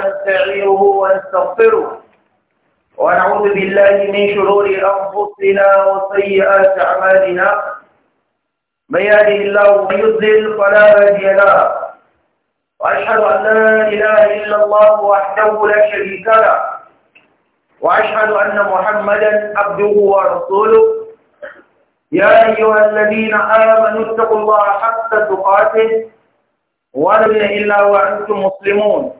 ونستعيره ونستغفره ونعوذ بالله من شرور أنفسنا وسيئات أعمالنا من يهده الله فيضل فلا هادي له وأشهد أن لا إله إلا الله وحده لا شريك له وأشهد أن محمدا عبده ورسوله يا أيها الذين آمنوا اتقوا الله حق تقاته ولا إلا وأنتم مسلمون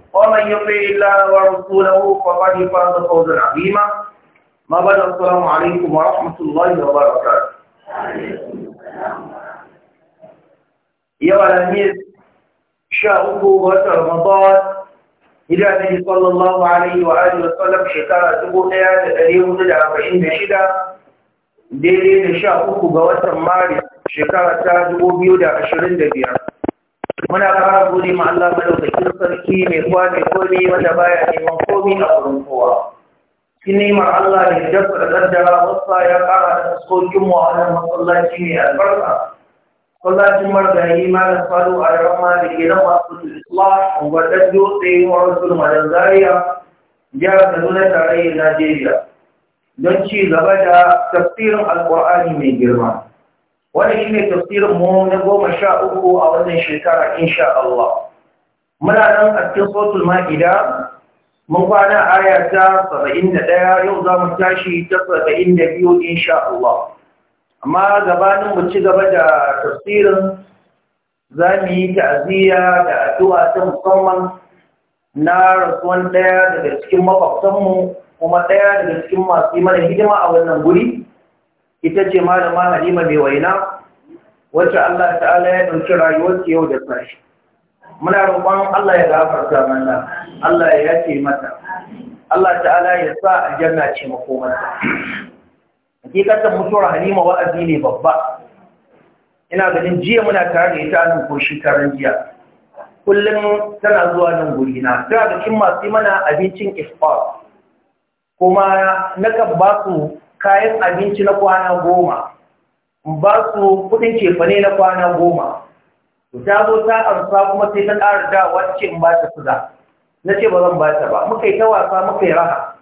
ومن يطع الله ورسوله فقد فاز فوزا عظيما ما بعد السلام عليكم ورحمه الله وبركاته yau alhamis sha uku ga watan ramadan ila nabi sallallahu alaihi wa alihi wa shekara dubu ɗaya da ɗari hudu da arba'in da shida daidai da sha uku ga watan maris shekara ta dubu biyu da ashirin da biyar muna fara gode ma Allah madaukakin sarki mai kowa mai komi wanda baya neman komi a wurin kowa shi ma Allah ne da kaddara wasa ya kara da sokin mu a wannan masallaci mai albarka masallacin margari malam faru a rama da ke nan masu islam wadda dutse wa rasul madan zaria jihar tarayyar najeriya don ci gaba da tafsirin alkur'ani mai girma wani shi ne tafsirin mu na goma sha uku a wannan shekara insha Allah muna nan a cikin sotul ma'ida mun kwana aya ta saba'in da ɗaya yau za mu tashi ta saba'in da biyu insha Allah amma gabanin mu ci gaba da tafsirin za mu yi ta'aziyya da addu'a ta musamman na rasuwan ɗaya daga cikin makwabtanmu kuma ɗaya daga cikin masu yi mana hidima a wannan guri ita ce malama halima mai waina wacce Allah ta'ala ya ɗauki rayuwarta yau da sashi muna roƙon Allah ya gafarta mana Allah ya yace mata Allah ta'ala ya sa aljanna ce makomarta hakikatan mutuwar halima wa'azi ne babba ina ganin jiya muna tare da ita nan ko shekaran jiya kullum tana zuwa nan guri na tana da kin masu mana abincin iftar kuma nakan ba su kayan abinci na kwana goma ba su kudin cefane na kwana goma ta zo ta arsa kuma sai ta ƙara da wacce in ba ta suga na ce ba zan ba ta ba muka yi ta wasa muka yi raha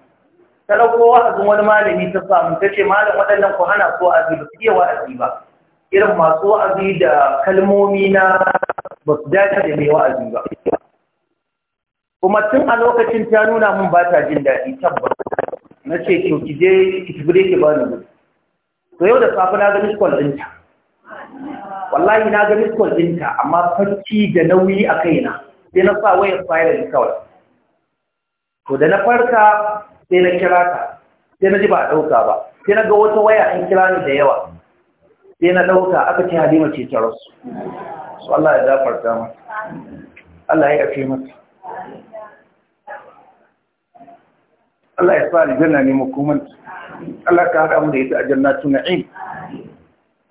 ta ɗauko wa'azin wani malami ta samu ta ce malam waɗannan ku hana su wa'azi ba su iya wa'azi ba irin masu wa'azi da kalmomi na ba su dace da mai wa'azi ba kuma tun a lokacin ta nuna min ba ta jin daɗi tabbas na ce kin ki je itibire ki bani mu to yau da safe na ga miskol ɗinta wallahi na ga miskol ɗinta amma farki da nauyi a kaina sai na sa wayar da kawai to da na farka sai na kira ta sai na ji ba a ɗauka ba sai na ga wata waya an kira ni da yawa sai na ɗauka aka ce halima ce ta rasu su Allah ya zafarta mata Allah ya yafe mata Allah ya sa aljanna ne makoman Allah ka haɗa mu da ita a jannatu na'im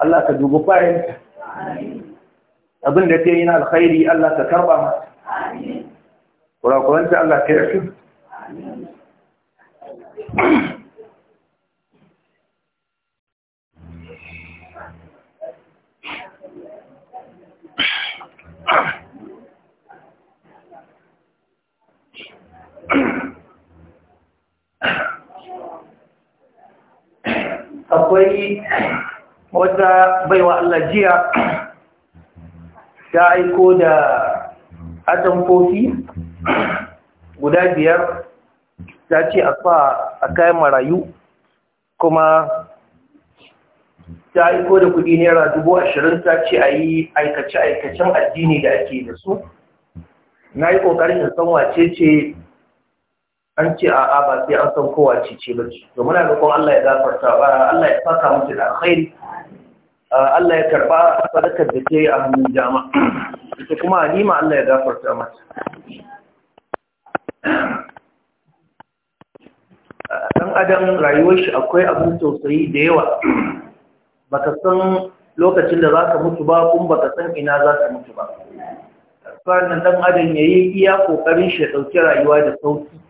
Allah ka dubo bayan abin da ta yi na alkhairi Allah ka karba ma kurakuranta Allah ka yi Thank you. akwai wata baiwa Allah jiya ta aiko da atamfofi guda biyar ta ce a sa a kayan marayu kuma ta aiko da kudi naira dubu ashirin ta ce a yi aikace-aikacen addini da ake da su na yi da sanwa ce ce an ce a ba sai an san kowa ce ce ba ce to muna roƙon Allah ya gafarta Allah ya saka mutu da alkhairi ah, Allah ya karba sadakar da ta yi a hannun dama ita kuma nima Allah ya gafarta mata ɗan adam rayuwar shi akwai abin tausayi da yawa baka san lokacin da za ka mutu ba kun baka san ina za ka mutu ba sannan ɗan adam ya yi iya kokarin shi ya ɗauki rayuwa da sauki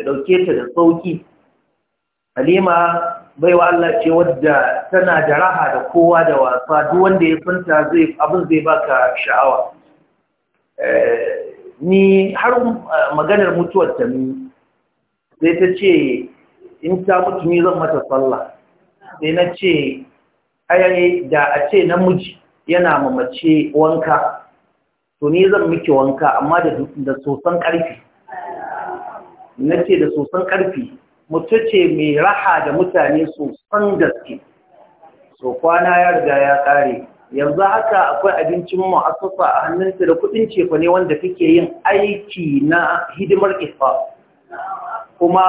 ya ɗauke ta da sauƙi halima bai wa Allah ce wadda tana da raha da kowa da wasa duk wanda ya santa zai abin zai baka sha'awa eh, ni har eh, maganar mutuwar ta ni sai ta ce in ta mutu ni zan mata sallah sai na ce ayaye da a ce namiji yana mamace wanka to ni zan miki wanka amma da sosan ƙarfi nace da sosan karfi mutace mai raha da mutane sosan gaske so kwana ya riga ya kare yanzu haka akwai abincin mu'assasa a hannunta da kudin cefa ne wanda kake yin aiki na hidimar ifa kuma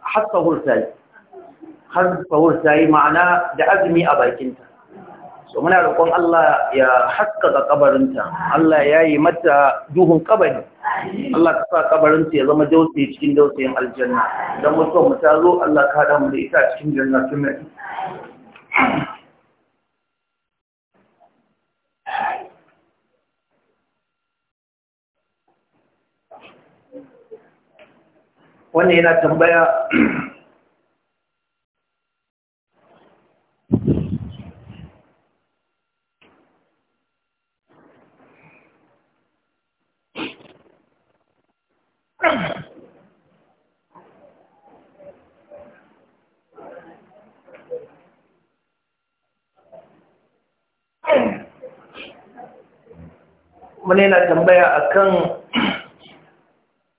har sahur ta yi har sahur ta yi ma'ana da azumi a bakinta to muna roƙon Allah ya haskaka kabarinta Allah ya yi mata duhun kabari Allah ka sa kabarinta ya zama dausayi cikin dausayin aljanna dan mutum mu ta zo Allah ka hada mu da ita cikin tun mai wannan yana tambaya wani yana tambaya a kan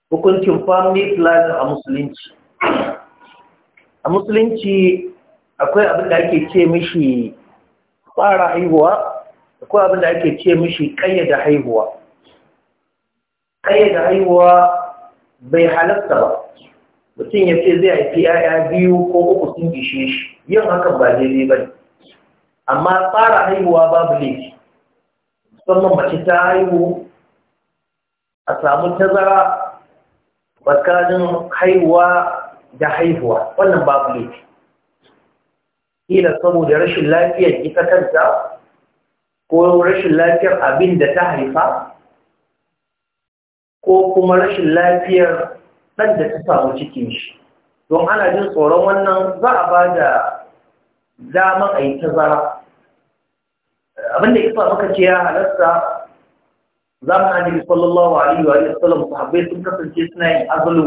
hukuncin family planning a musulunci a musulunci akwai abin da ake ce mishi tsara haihuwa akwai abin da ake ce mishi kayyada haihuwa kayyada haihuwa bai halatta ba mutum ya ce zai haifi yaya biyu ko uku sun gishe shi yin hakan ba daidai ba ne amma tsara haihuwa babu laifi musamman mace ta haihu a samu tazara tsakanin haihuwa da haihuwa wannan babu laifi kila saboda rashin lafiyar ita kanta ko rashin lafiyar abin da ta haifa ko kuma rashin lafiyar ɗan da ta samu cikin shi don ana jin tsoron wannan za a ba da dama a yi ta tazara abinda isa maka ce ya halarta zamanin annabi sallallahu alaihi wa sallam sahabbai sun kasance suna yin azulu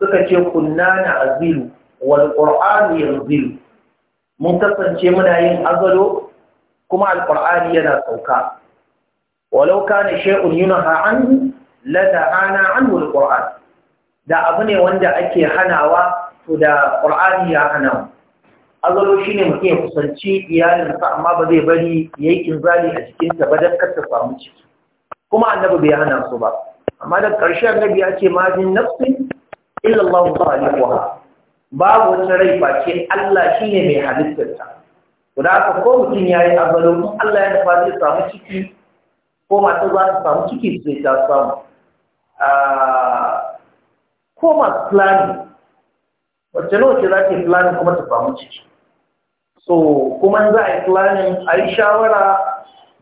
suka ce kunna na azilu wal qur'anu yanzilu mun kasance muna yin azulu kuma al yana sauka walau kana shay'un yunha anhu hana an anhu ƙwar'an da abu ne wanda ake hanawa to da ƙwar'ani ya hana azalo shine mutum ya kusanci iyalinsa amma ba zai bari yayi kinzali a cikinsa ba dan kar ta samu ciki kuma annabi bai hana su ba amma da ƙarshe annabi ya ce ma bin nafsin illa Allah khaliquha babu wata rai face Allah shi ne mai halittarta to da aka ko mutum ya yayi azalo Allah ya nufa zai samu ciki ko mata za ta samu ciki sai ta samu Ah, ko masu planning wacce lokaci za ke planning kuma ta famu ciki so kuma za a yi planning a yi shawara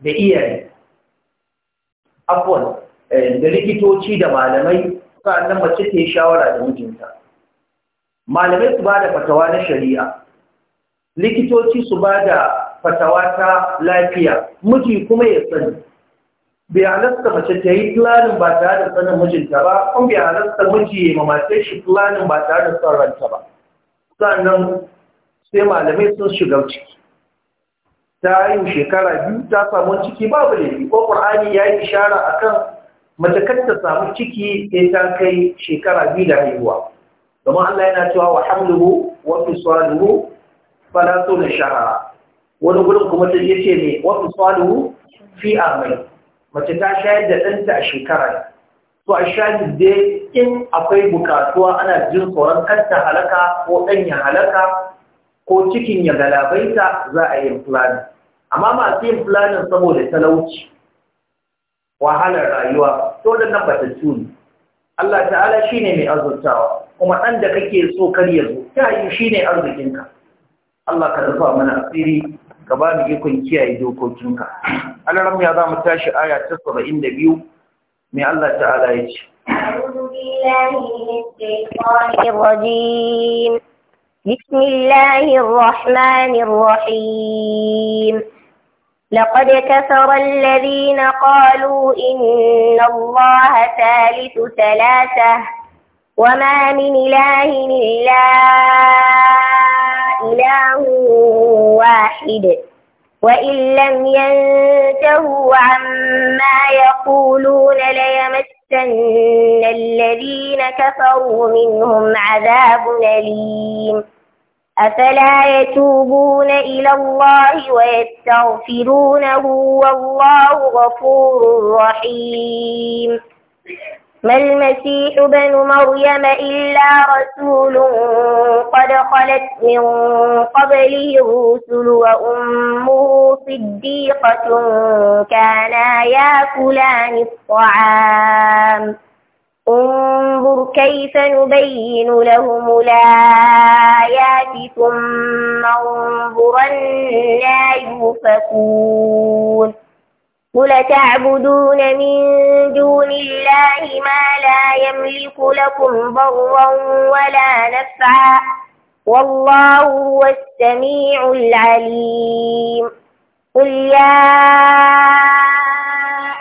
da iyaye afuwan eh, da likitoci da malamai sa'annan mace ta shawara da mijinta malamai su ba da fatawa na shari'a likitoci su ba da fatawa ta lafiya miji kuma ya sani bai mace ta yi planin ba tare da sanin mijinta ba kuma bai halasta miji ma mace shi planin ba tare da son ranta ba sannan sai malamai sun shiga ciki ta yi shekara biyu ta samu ciki babu laifi ko qur'ani ya yi ishara akan mace ta samu ciki sai ta kai shekara biyu da haihuwa domin Allah yana cewa wa hamluhu wa fisaluhu fala na shahara wani gurin kuma ta yace ne wa fisaluhu fi amai mace ta shayar da ɗanta a shekara to a shayar da in akwai bukatuwa ana jin tsoron kanta halaka ko ɗan ya halaka ko cikin ya galabaita za a yi fulani amma masu yin fulanin saboda talauci wahalar rayuwa to da nan bata tuni Allah ta'ala shine mai azurtawa kuma ɗan da kake so kar ya zo ta yi shine arzikinka Allah ka rufa mana asiri ka ba mu ikon kiyaye dokokinka alaram ya za mu tashi aya ta 72 mai Allah ta'ala ya ce بسم الله الرحمن الرحيم لقد كفر الذين قالوا إن الله ثالث ثلاثة وما من إله إلا إله واحد وإن لم ينتهوا عما يقولون ليمسن الذين كفروا منهم عذاب أليم أفلا يتوبون إلى الله ويستغفرونه والله غفور رحيم ما المسيح بن مريم إلا رسول قد خلت من قبله الرسل وأمه صديقة كانا ياكلان الطعام انظر كيف نبين لهم الآيات ثم انظرنا أنا يؤفكون قل تعبدون من دون الله ما لا يملك لكم ضرا ولا نفعا والله هو السميع العليم قل يا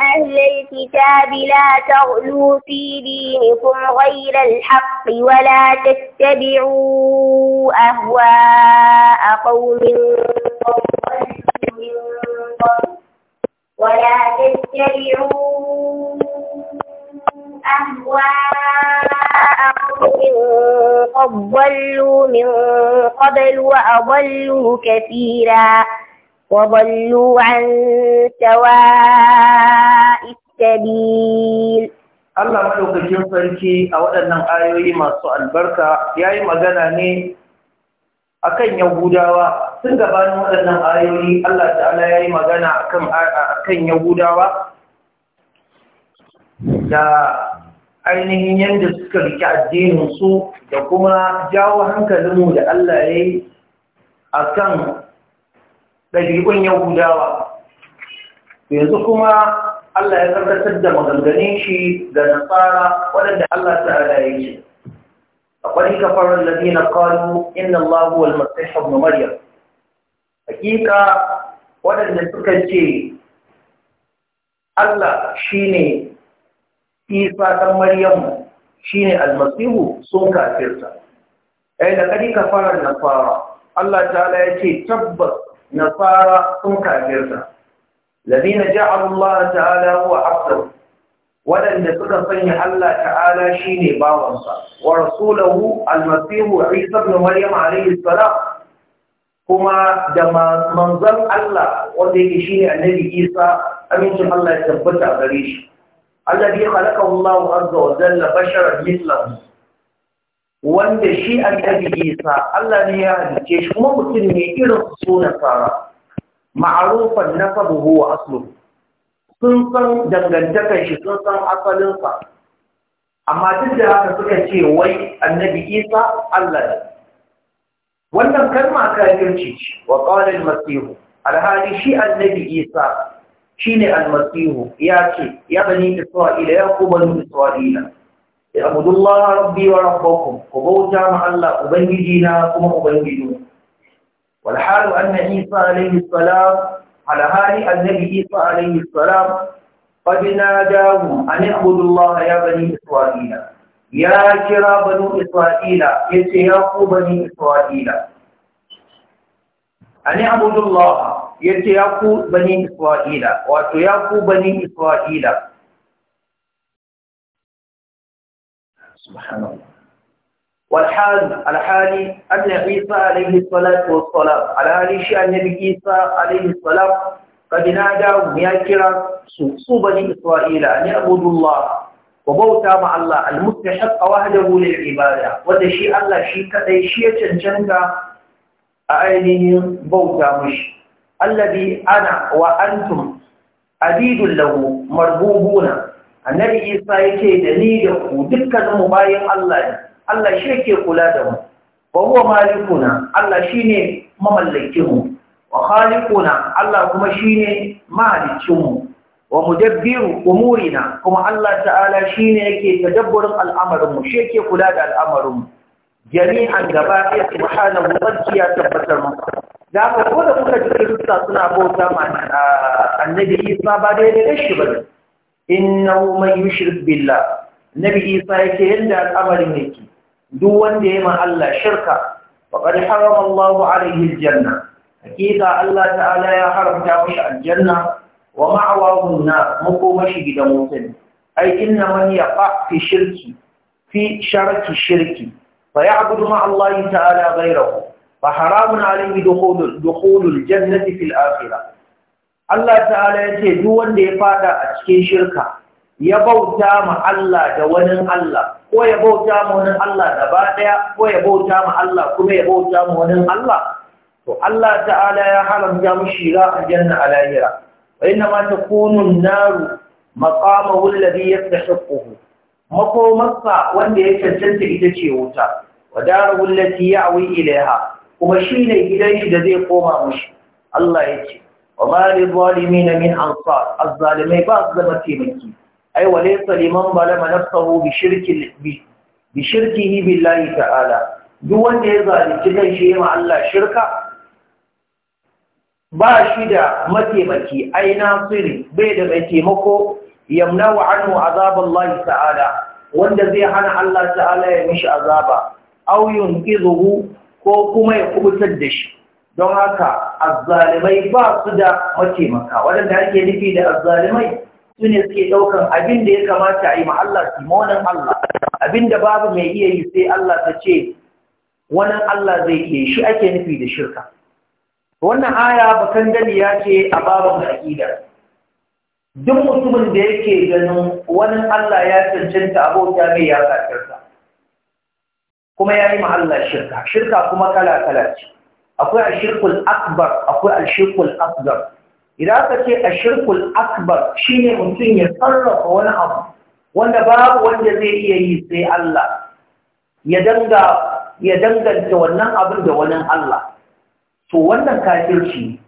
أهل الكتاب لا تغلوا في دينكم غير الحق ولا تتبعوا أهواء قوم قبل من قبل ولا تتبعوا أهواء ضلوا من قبل وأضلوا كثيرا وضلوا عن سواء السبيل Allah madaukakin sarki a waɗannan ayoyi masu albarka ya yi magana ne akan Yahudawa tun gabanin waɗannan ayoyi Allah ta'ala ya yi magana a kan Yahudawa da ainihin yadda suka rike addininsu da kuma jawo hankalinmu da Allah ya yi a kan ɗabi'un Yahudawa. Yanzu kuma Allah ya karkatar da maganganin shi ga nasara waɗanda Allah ta'ala ya shi? Akwai kafarar ladina qalu inna Allahu wal masih ibn Maryam hakika waɗanda suka ce Allah shi ne Isa ɗan Maryamu ne Almasihu sun kafirta eh, ai da kadi kafarar nasara Allah ta'ala ya ce tabbas nasara sun kafirta ladina ja'alu Allah ta'ala huwa abdahu waɗanda suka sanya Allah ta'ala shi ne bawansa wa rasulahu almasihu Isa ibn Maryam alayhi salam kuma da manzan Allah wanda yake ne annabi Isa amincin Allah ya tabbata gare shi biya khalaqahu Allah azza wa jalla basharan mithlahu wanda shi annabi Isa Allah ne ya halice shi kuma mutum ne irin sunan fara ma'arufan nasabuhu wa aslu sun san dangantakar shi sun san asalinsa amma duk da haka suka ce wai annabi Isa Allah ne wannan kalma kafirci ce wa qala al-masih alhali shi annabi isa shi ne Almasihu. ya ce ya bani isra'ila ya ku bani isra'ila ya abudullah rabbi wa rabbakum ku bauta ma Allah ubangiji na kuma ubangiji wal halu anna isa alayhi salam alhali annabi isa alayhi salam قد ناداه أن اعبدوا الله يا بني إسرائيل يا كرا بنو إسرائيل يا ce ya ku bani isra'ila ani abudullah ya ce ya ku يا isra'ila wato ya ku bani isra'ila subhanallah والحال أن عيسى عليه الصلاة والسلام على حال شيء أن عيسى عليه الصلاة قد نادى يا كرا سو بني إسرائيل أن يعبدوا الله wa bauta ma Allah al-mustahiq wahdahu lil ibada wanda shi Allah shi kadai shi ya cancanta a ainihin bauta mushi alladhi ana wa antum abidun lahu marbubuna annabi Isa yake da ni da ku dukkan mu bayan Allah ne Allah shi yake kula da mu wa huwa malikuna Allah shine mamallakin mu wa khaliquna Allah kuma shine mahaliccin mu wa mudabbiru umurina kuma Allah ta'ala shine yake tadabburin al'amarin mu shi yake kula da al'amarinmu. jami'an gaba ɗaya subhanahu wa ta'ala ya tabbatar mu. da ka ko da kuka ji kirista suna bauta ma annabi Isa ba dai da shi ba innahu man yushrik billah nabi Isa yake yanda al'amarin yake duk wanda ya ma Allah shirka faqad harama Allahu alayhi aljanna hakika Allah ta'ala ya haramta mishi aljanna wa ma'awahun na makomashi gidan mutum ai inna man yaqa fi shirki fi sharki shirki fa ya'budu ma Allah ta'ala ghayrahu fa haramun alayhi dukhulul dukhulul jannati fil akhirah Allah ta'ala yace duk wanda ya fada a cikin shirka ya bauta ma Allah da wani Allah ko ya bauta ma wani Allah gaba daya ko ya bauta ma Allah kuma ya bauta ma wani Allah to Allah ta'ala ya haramta mushi ra aljanna a lahira Wai فإنما تكون النار مقامه الذي يستحقه makomarsa wanda ya cancanta ita ce wuta wa daru allati ya'wi ilaiha kuma shine gidan shi da zai koma mushi Allah ya ce wa ma lil zalimin min ansar azzalimai ba su zama taimaki ai wa laysa liman balama nafsahu bi shirki bi shirkihi billahi ta'ala duk wanda ya zalunci kan shi ma Allah shirka ba shi da mataimaki ai nasiri bai da mai taimako yamnahu anhu azaballahi ta'ala wanda zai hana Allah ta'ala ya mishi azaba aw yunqidhu ko kuma ya kubutar da shi don haka azzalimai ba su da mataimaka Wadanda ake nufi da azzalimai sune suke daukan abin da ya kamata a yi ma Allah simonin Allah abin da babu mai iya yi sai Allah ta ce wannan Allah zai iya shi ake nufi da shirka wannan aya bakan gani ya ce a babin aƙida duk mutumin da yake ganin wani Allah ya cancanta abota mai ya kafirta kuma ya yi Allah shirka shirka kuma kala-kala ce akwai ashirkul akbar akwai ashirkul asgar idan aka ce ashirkul akbar shine mutum ya sarrafa wani abu wanda babu wanda zai iya yi sai Allah ya ya danganta wannan abin da wani Allah to wannan kafirci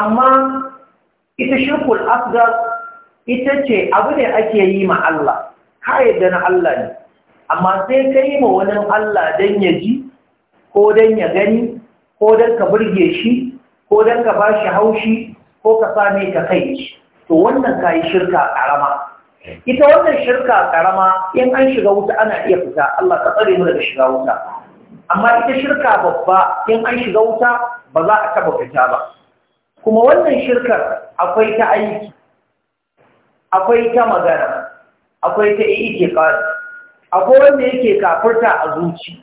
amma ita shirkul asgar ita ce abu ne ake yi ma Allah ka yadda na Allah ne amma sai ka yi ma wani Allah don ya ji ko don ya gani ko don ka burge shi ko don ka ba shi haushi ko ka same ka kai to wannan ka yi shirka ƙarama ita wannan shirka ƙarama in an shiga wuta ana iya fita Allah ka tsare mu daga shiga wuta amma ita shirka babba in an shiga wuta ba za a taba fita ba kuma wannan shirkar akwai ta aiki akwai ta magana akwai ta itikadi akwai wanda yake kafurta a zuci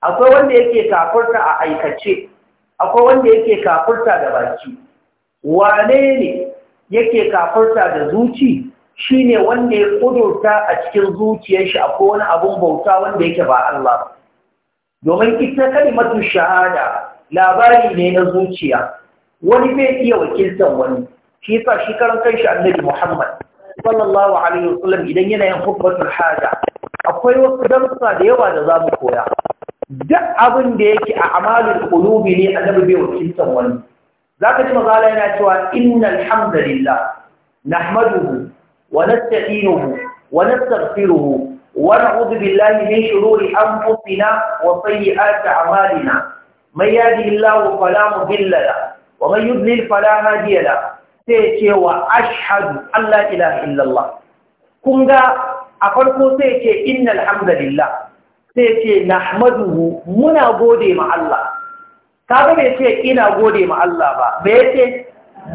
akwai wanda yake kafurta a aikace akwai wanda yake kafurta da baki wane ne yake kafurta da zuci shine wanda ya kudurta a cikin zuciyarshi akwai wani abun bauta wanda yake ba Allah ba domin ita kalimatu shahada labari ne na zuciya wani bai iya wakiltar wani shi yasa shi karan kanshi annabi Muhammad sallallahu alaihi wasallam idan yana yin hubbatul haja akwai wasu darsa da yawa da zamu koya duk abin da yake a amalul qulubi ne annabi bai wakiltar wani zaka ji mazala yana cewa innal hamdalillah nahmaduhu wa nasta'inuhu wa nastaghfiruhu ونعوذ بالله من شرور أنفسنا وسيئات أعمالنا من يهده الله فلا مضل له ومن يضلل فلا هادي له سيتي وأشهد أن لا إله إلا الله كنغا أفرقو سيتي إن الحمد لله سيتي نحمده منا غودي مع الله kaga bai ce ina gode ma Allah ba bai ce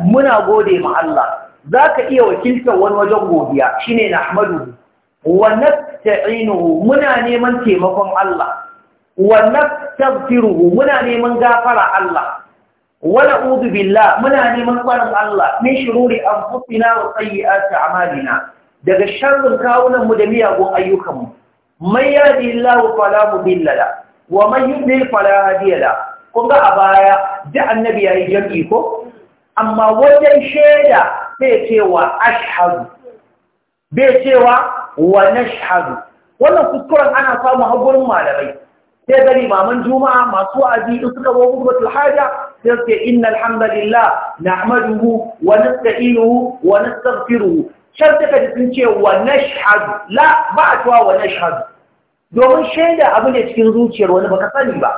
muna gode ma Allah zaka iya wakiltar wani wajen godiya shine nahmaduhu wa nasta'inuhu muna neman taimakon Allah wa nastaghfiruhu muna neman gafara Allah Wala na'udhu billah muna neman farin Allah min shururi anfusina wa sayyiati a'malina daga sharrin kawunanmu mu da miyagun ayyukanmu mu man yahdihillahu fala mudilla la wa man yudlil fala hadiya la kun a baya da annabi yayi jami'i ko amma wajen shaida sai cewa ashhadu bai cewa wanashhadu wannan kuskuren ana samu har gurin malamai sai ga limaman juma'a masu wa'azi in suka zo gurbatul haja sai su ce innal hamdalillah nahmaduhu wa nasta'inuhu wa nastaghfiruhu sun ce wa nashhadu la ba a cewa wa nashhadu domin shaida abu ne cikin zuciyar wani baka sani ba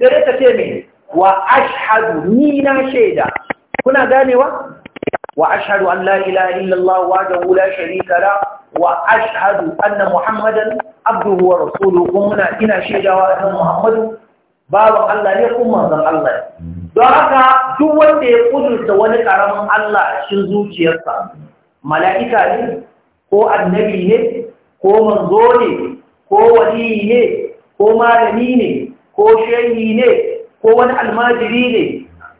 sai ta ka ce me wa ashhadu ni na shaida kuna ganewa وأشهد أن لا إله إلا الله وحده لا شريك له وأشهد أن محمدا عبده ورسوله قمنا إنا شيدا وأن محمد Allah ne kuma manzon Allah don haka duk wanda ya kudurta wani karamin Allah cikin zuciyarsa mala'ika ne ko annabi ne ko manzo ne ko waliyi ne ko malami ne ko shehi ne ko wani almajiri ne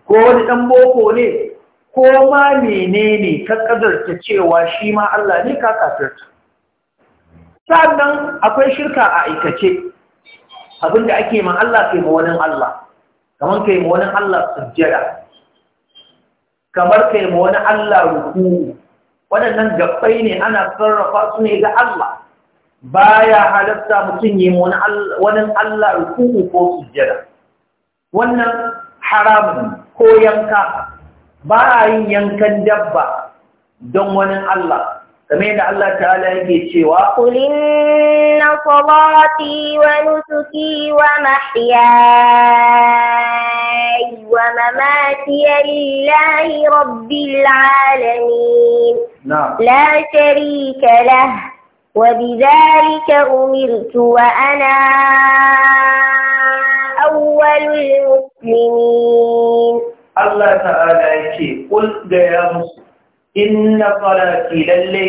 ko wani ɗan boko ne ko ma menene ka kadarta cewa shi ma Allah ne ka kafirta sannan akwai shirka a aikace abinda ake ma Allah kai ma wani Allah kamar kai ma wani Allah sujjada kamar kai ma wani Allah ruku waɗannan gabbai ne ana sarrafa su ne ga Allah baya halatta mutum yi wani Allah ruku ko sujjada wannan haramun ko yanka ba a yin yankan dabba don wani Allah kamar da Allah ta'ala yake cewa Kulin na salati wa nusuki wa mahyaya wa mamati lillahi rabbil alamin la sharika lah wa bidhalika umirtu wa ana awwalul muslimin Allah ta'ala ya ce kul ga musu inna lalle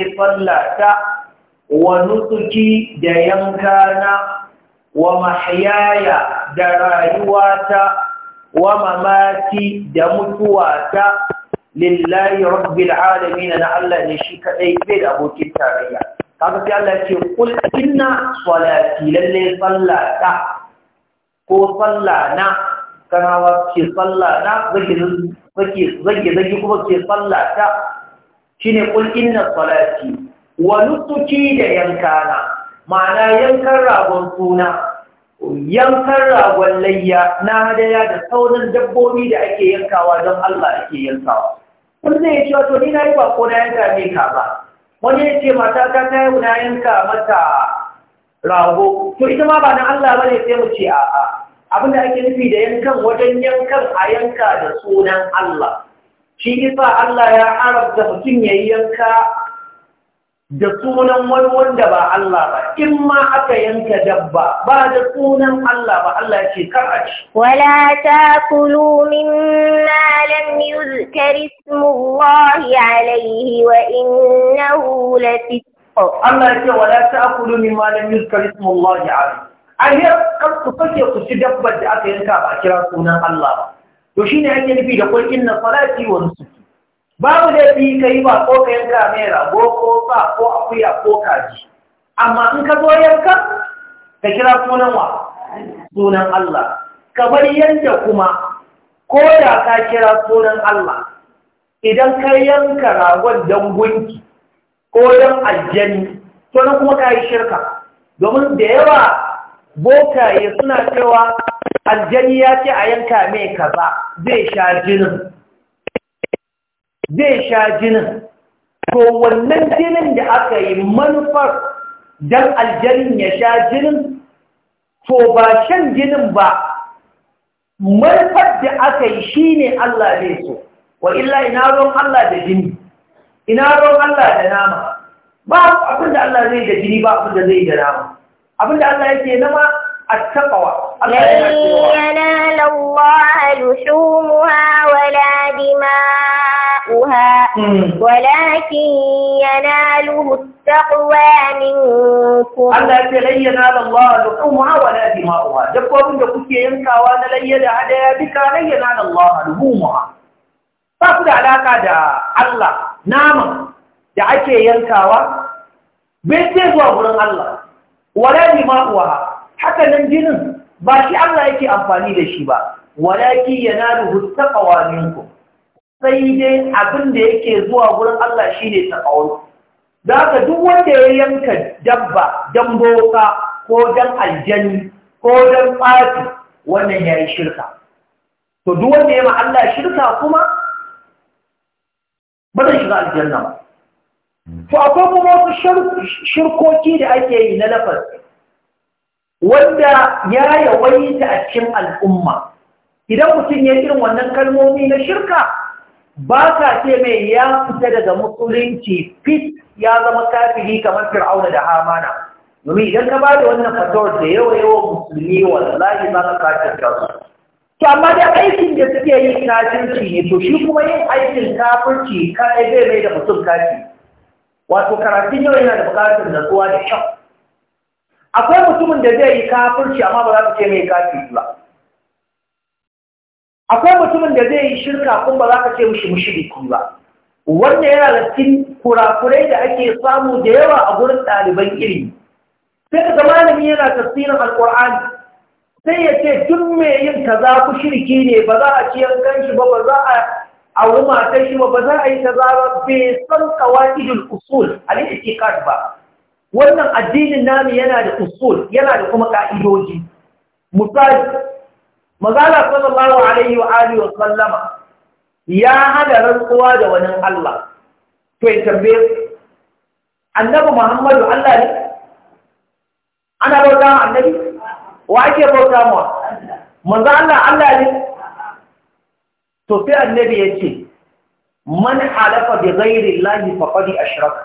wa nusuki da yanka na, wa mahyaya da rayuwata wa mamati da mutuwata lillahi rabbil alamin na Allah ne shi kadai bai da abokin tarayya kaga sai Allah ce kul inna salati lalle sallata ko sallana kanawa ke tsalla na zage-zage kuma ke tsalla ta shi ne ƙulƙin na tsalati wa tuki da yankana ma'ana yankan ragon suna yankan ragon layya na hadaya da sauran dabbobi da ake yankawa don Allah ake yankawa. kun zai ce wato ni na yi bako na yanka ne ka ba, wani ya ce mata ta ta yanka mata rago, to ita ma ba na Allah ba ne sai mu ce a'a. abinda ake nufi da yankan wajen yankan a yanka da sunan Allah shi isa Allah ya haramta mutum ya yanka da sunan wani wanda ba Allah ba in ma aka yanka dabba ba da sunan Allah ba Allah ce kar a ci wala mimma lam yuzkar ismullahi alayhi wa innahu lafisq Allah ce wala taqulu mimma lam yuzkar ismullahi alayhi a yi kar ku sake ci dabbar da aka yanka ba a kira sunan Allah ba to shine hanyar nufi da kun inna salati wa nusuki babu da fi kai ba ko ka yanka mai rago ko sa ko akuya ko kaji amma in ka zo yanka ka kira sunan wa sunan Allah kamar yadda kuma ko da ka kira sunan Allah idan ka yanka ragon don gunki ko don aljani to na kuma ka yi shirka domin da yawa bokaye suna cewa aljani ya ce a yanka mai kaza zai sha jinin zai sha jinin to wannan jinin da aka yi manufar don aljanin ya sha jinin to ba shan jinin ba manufar da aka yi shi ne Allah zai so wa illa ina ron Allah da jini ina ron Allah da nama ba abin da Allah zai da jini ba abin da zai da nama abinda Allah yake nama attaqwa Allah yana cewa yanala Allah luhumha wala dima'uha walakin yanaluhu attaqwa minkum Allah yake layyana Allah luhumha wala dima'uha dabbobin da kuke yankawa na layyada hadaya bika layyana Allah luhumha ba ku da alaka da Allah nama da ake yankawa bai ce zuwa gurin Allah wala uwa? haka nan jinin ba shi Allah yake amfani da shi ba walaki yanaluhu taqwa minkum sai dai abin da yake zuwa gurin Allah shine taqwa da haka duk wanda ya yanka dabba dan boka ko dan aljani ko dan fati wannan yayi shirka to duk wanda ya ma Allah shirka kuma ba zai shiga aljanna ba to akwai kuma wasu shirkoki da ake yi na lafazi wanda ya yawaita a cikin al'umma idan mutum ya irin wannan kalmomi na shirka ba ka ce mai ya fita daga musulunci fit ya zama kafiri kamar fir'auna da hamana domin idan ka ba da wannan fatawar da yawa yawa musulmi wallahi za ka kafin su to amma da aikin da suke yi kafirci ne to shi kuma yin aikin kafirci ka eh, zai mai da mutum kafiri wato karatun yau yana da bukatar natsuwa da kyau akwai mutumin da zai yi kafirci amma ba za ka ce mai kafirci ba akwai mutumin da zai yi shirka kuma ba za ka ce mushi mushriki ba wanda yana da cikin kurakurai da ake samu da yawa a gurin ɗaliban ilimi sai ka zama malami yana tafsirin alƙur'ani sai ya ce duk mai yin kaza ku shirki ne ba za a ciyar kanshi ba ba za a a wuri ta shi ba za a yi ta zara bai san kawa'idul usul a litikikat ba wannan addinin nami yana da usul yana da kuma ka'idoji misali magana sallallahu alaihi wa alihi wa sallama ya hada rantsuwa da wani Allah to ya tambaye annabi Muhammadu Allah ne ana bauta annabi wa ake bauta mu manzo Allah Allah ne to sai annabi ya ce man halafa bi ghairi llahi faqad ashraka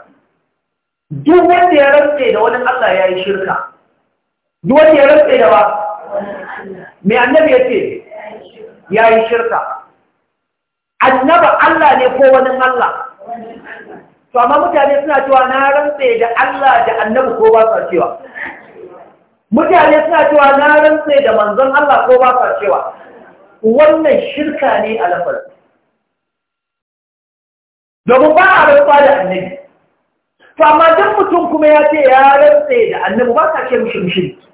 duk wanda ya rantse da wani Allah ya yi shirka duk wanda ya rantse da ba me annabi ya ce ya yi shirka annaba Allah ne ko wani Allah to amma mutane suna cewa na rantse da Allah da annabi ko ba sa cewa mutane suna cewa na rantse da manzon Allah ko ba sa cewa wannan shirka ne a lafar domin ba a rantsa da annabi to amma don mutum kuma ya ce ya rantsa da annabi ba ka ce mishi mushirki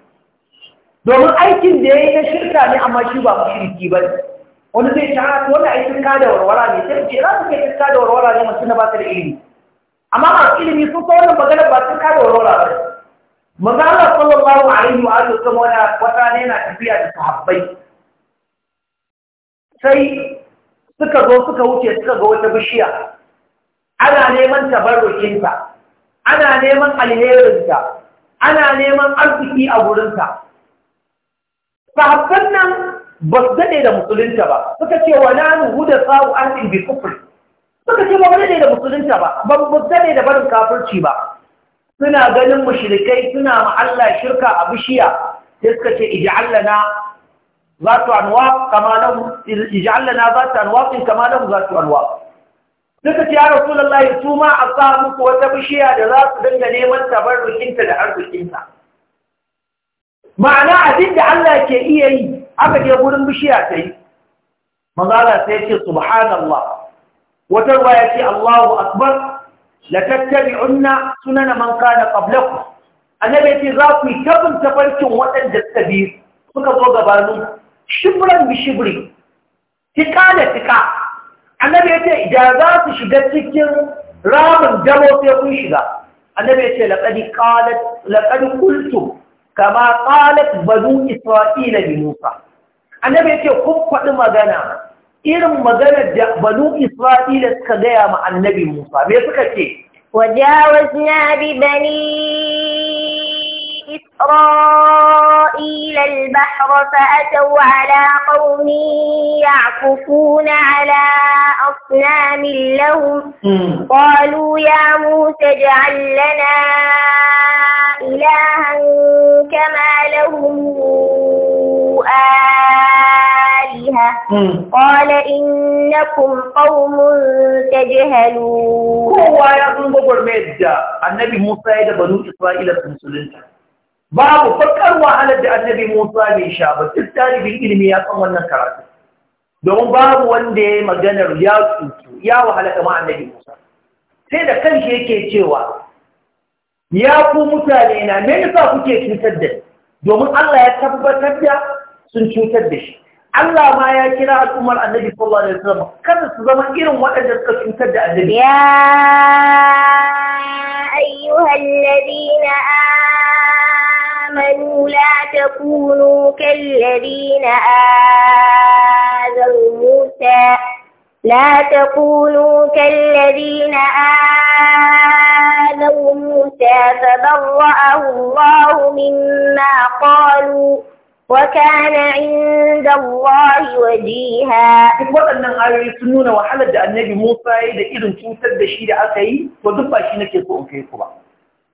domin aikin da ya yi na shirka ne amma shi ba mushirki ba ne wani zai ah, ta haka wani aikin ka da warwara ne sai ce za su ke ka da warwara ne masu na ba ta da ilimi amma masu ilimi sun sa wannan magana ba sun ka da warwara ba Maza Allah sallallahu alaihi wa sallam wata ne yana tafiya da sahabbai sai suka zo suka wuce suka ga wata bishiya ana neman tabarrukinta ana neman alherinta ana neman arziki a gurinta sahabban nan ba su daɗe da musulunta ba suka ce wa nanu huda sa'u an bi kufr suka ce ba mu daɗe da musulunta ba ba mu daɗe da barin kafirci ba suna ganin mushrikai suna ma Allah shirka a bishiya sai suka ce ij'alna ذات أنواق كما له يجعل لنا ذات أنواق كما له ذات أنواق suka ce ya rasulullahi su ma a sa muku wata bishiya da za su dinga neman tabarrukinta da arzikinta ma'ana abin da Allah ke iya yi aka je gurin bishiya ta yi manzala sai ce subhanallah wata ruwa ya ce Allahu akbar la tattabi'unna sunana man kana qablakum annabi ce za ku yi tabin tafarkin waɗanda suka bi suka zo gabanin shibran bi tika da tika annabi ya ce idan za su shiga cikin ramin damo sai kun shiga annabi ya ce laqad qalat laqad qultu kama qalat banu isra'ila bi musa annabi ya ce kun faɗi magana irin maganar da banu isra'ila suka gaya ma annabi musa me suka ce wajawazna bi bani إسرائيل البحر فأتوا على قوم يعكفون على أصنام لهم قالوا يا موسى اجعل لنا إلها كما لهم آلهة قال إنكم قوم تجهلون هو يا ابن بقر ميدا النبي موسى يدى بنو إسرائيل في مسلمين babu fakar wahalar da annabi Musa mai sha ba duk talibin ilimi ya san wannan karatu domin babu wanda ya yi maganar ya tsutu ya wahala ga annabi Musa sai da kanshi yake cewa ya ku mutane na me yasa kuke cutar da domin Allah ya tabbatar da sun cutar da shi Allah ma ya kira al'ummar annabi sallallahu alaihi wasallam kada su zama irin waɗanda suka cutar da annabi ya ayyuhal ladina amanu آمنوا لا تكونوا كالذين آذوا موسى لا تكونوا كالذين آذوا موسى فبرأه الله مما قالوا وكان عند الله وجيها waɗannan ayoyi sun nuna wahalar da annabi Musa ya da irin cutar da shi da aka yi to duk ba shi nake so in kai ku ba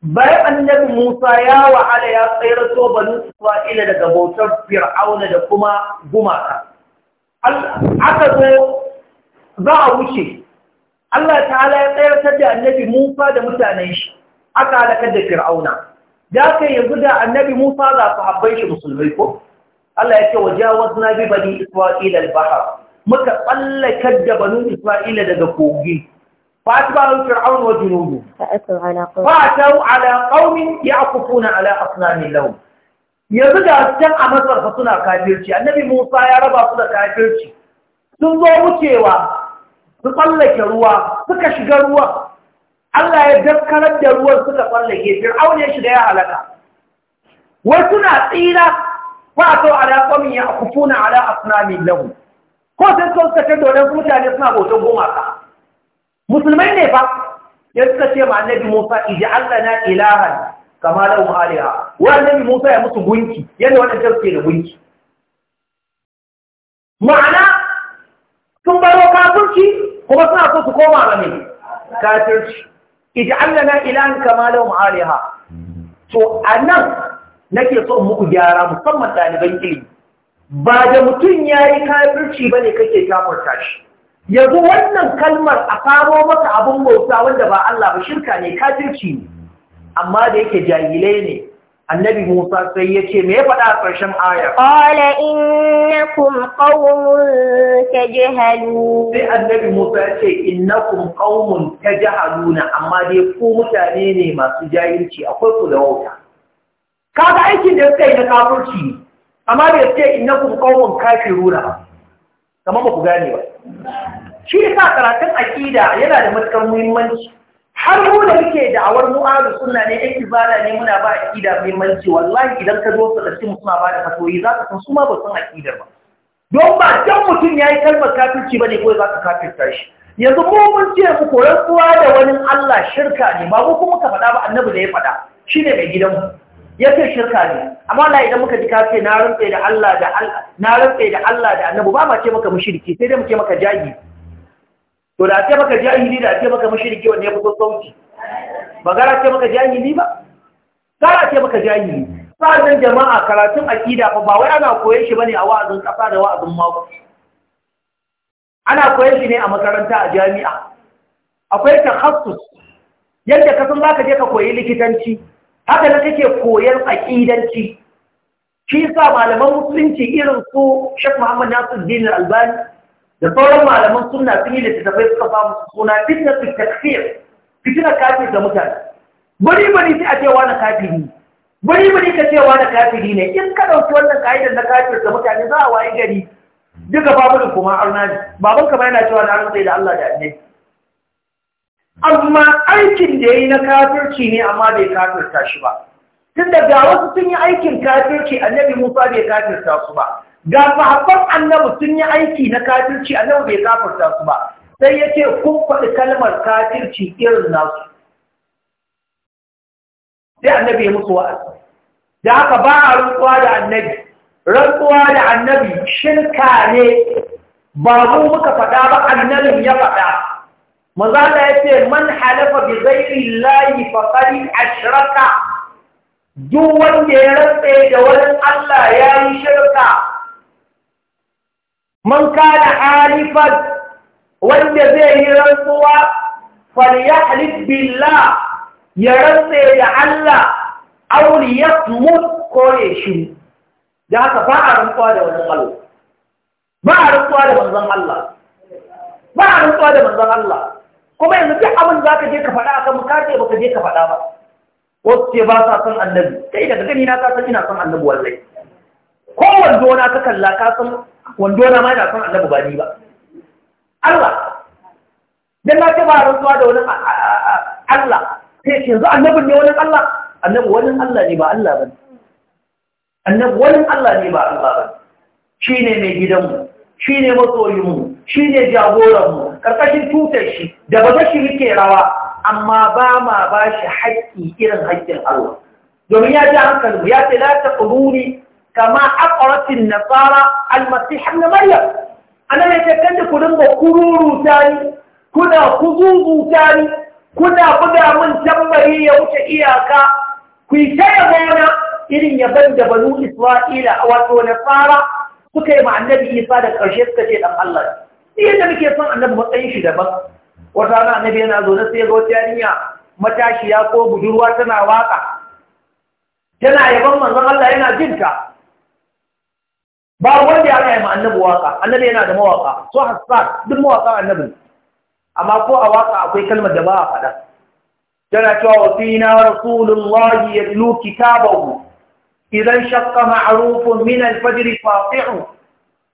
bayan annabi Musa ya wahala ya to banu Isra'ila daga bautar Fir'auna da kuma gumaka. Aka zo za a wuce, Allah ta'ala ya tsayar da annabi Musa da mutanen shi, aka halakar da Fir'auna. Da kai yanzu da annabi Musa za su habbai shi musulmai ko? Allah ya ce wa jawaz na bi bani Isra'ila al-bahar. Muka tsallakar da banu Isra'ila daga kogi. فأتبعوا فرعون وجنوده فأتوا على قوم فأتوا على قوم يعكفون على أصنام لهم yanzu da can a masar fa suna kafirci annabi Musa ya raba su da kafirci sun zo wucewa su tsallake ruwa suka shiga ruwa Allah ya daskarar da ruwan suka tsallake fir'aun ya shiga ya halaka Wasu na tsira fa atau ala qawmin ya'kufuna ala asnamin lahum ko sai sun saka donan mutane suna bautan gumaka musulmai ne fa ya suka ce ma annabi Musa ij'alna ilahan kama aliha wa annabi Musa ya musu gunki yadda wadannan suke da gunki ma'ana sun baro kafirci kuma suna so su koma ga mai kafirci ij'alna ilahan kama aliha to nan nake so muku gyara musamman ɗaliban ilimi ba da mutum yayi kafirci bane kake kafirta shi yanzu wannan kalmar a faro maka abin bauta wanda ba Allah ba shirka ne kafirci ne amma da yake jahilai ne annabi Musa sai ya ce me ya faɗa a ƙarshen aya qala innakum qaumun tajhalun sai annabi Musa ya ce innakum qaumun tajhaluna amma dai ku mutane ne masu jahilci akwai ku da wauta kaga aikin da suka yi na kafirci amma bai ce innakum qaumun kafiruna ba kamar ba ku gane ba shi yasa karatun aƙida yana da matukar muhimmanci har mu da muke da'awar mu'adu sunna ne yake bada ne muna ba aƙida muhimmanci wallahi idan ka zo su mu suna ba da fatoyi za ka san su ba san aƙidar ba don ba dan mutum ya yi kalmar kafirci ba ne ko za ka kafirta shi yanzu ko mun ce mu koran da wani Allah shirka ne ba ko kuma ka faɗa ba annabi da ya faɗa shine mai gidan gidanmu ya fi shirka ne amma Allah idan muka ji ka ce na rantse da Allah da Allah na rantse da Allah da Annabi ba ma ce maka mushriki sai dai muke maka jahili to da ce maka jahili da ce maka mushriki wanda ya fito sauki ba gara ce maka jahili ba gara ce maka jahili sanan jama'a karatun aqida fa ba wai ana koyon shi bane a wa'azin kasa da wa'azin mako ana koyon shi ne a makaranta a jami'a akwai takhassus yadda ka san zaka je ka koyi likitanci haka da kake koyar aƙidanci shi sa malaman musulunci irin su shek Muhammad nasir Al-Albani da sauran malaman suna sun yi littattafai suka samu suna su takfir fitna kafi da mutane bari bari sai a ce wani kafiri bari bari ka ce wani kafiri ne in ka ɗauki wannan ka'idar na kafir da mutane za a wayi gari duka babu kuma arna ne Baban ma yana cewa na arna sai da Allah da annabi amma aikin da ya yi na kafirci ne amma bai kafirta shi ba tun da ga wasu sun yi aikin kafirci annabi musa bai kafirta su ba ga sahabban annabi sun yi aiki na kafirci annabi bai kafirta su ba sai ya ce kun faɗi kalmar kafirci irin nasu sai annabi ya musu wa'azi da haka ba a rantsuwa da annabi rantsuwa da annabi shirka ne ba mu muka faɗa ba annabin ya faɗa Maza Allah ya ce man halafa bi ghairi llahi faqad ashraka duk wanda ya rantse da wani Allah ya yi shirka man kana halifan wanda zai yi rantsuwa falyahlif billah ya rantse da Allah aw liyasmut ko ya shi da haka ba a rantsuwa da wani Allah ba a rantsuwa da manzon Allah ba a rantsuwa da manzon Allah kuma yanzu duk abin za ka je ka faɗa akan mu ka ba ka je ka faɗa ba wasu ce ba sa son annabi kai daga gani na ka san ina son annabi wallahi ko wando na ka kalla ka san wando na ma ina son annabi ba ni ba Allah dan na ce ba rantsuwa da wani Allah sai ce yanzu annabin ne wani Allah annabi wani Allah ne ba Allah ba annabi wani Allah ne ba Allah ba shine mai gidanmu shine masoyinmu shine jagoranmu karkashin tutar shi da ba shi muke rawa amma ba ma ba shi haƙƙi irin haƙƙin Allah domin ya ji hankali ya ce la ta taquluni kama aqratin nasara al-masih ibn maryam ana ne ta kanda ku dinga kururu tani kuna kuzuzu tani kuna buga mun tambari ya wuce iyaka ku yi ta yabona irin yaban da banu isra'ila wato nasara suka yi ma annabi isa da karshe suka ce dan Allah ne yadda muke son annabi matsayin shi daban wata rana annabi yana zaune sai ga wata yarinya matashiya ko budurwa tana waka tana yaban manzon Allah yana jin ta ba wanda ya yi annabi waka annabi yana da mawaka so hasa duk mawaka annabi amma ko a waka akwai kalmar da ba a faɗa tana cewa wa fina rasulullahi yatlu kitabahu idan shaqqa ma'rufun min al-fajr fati'u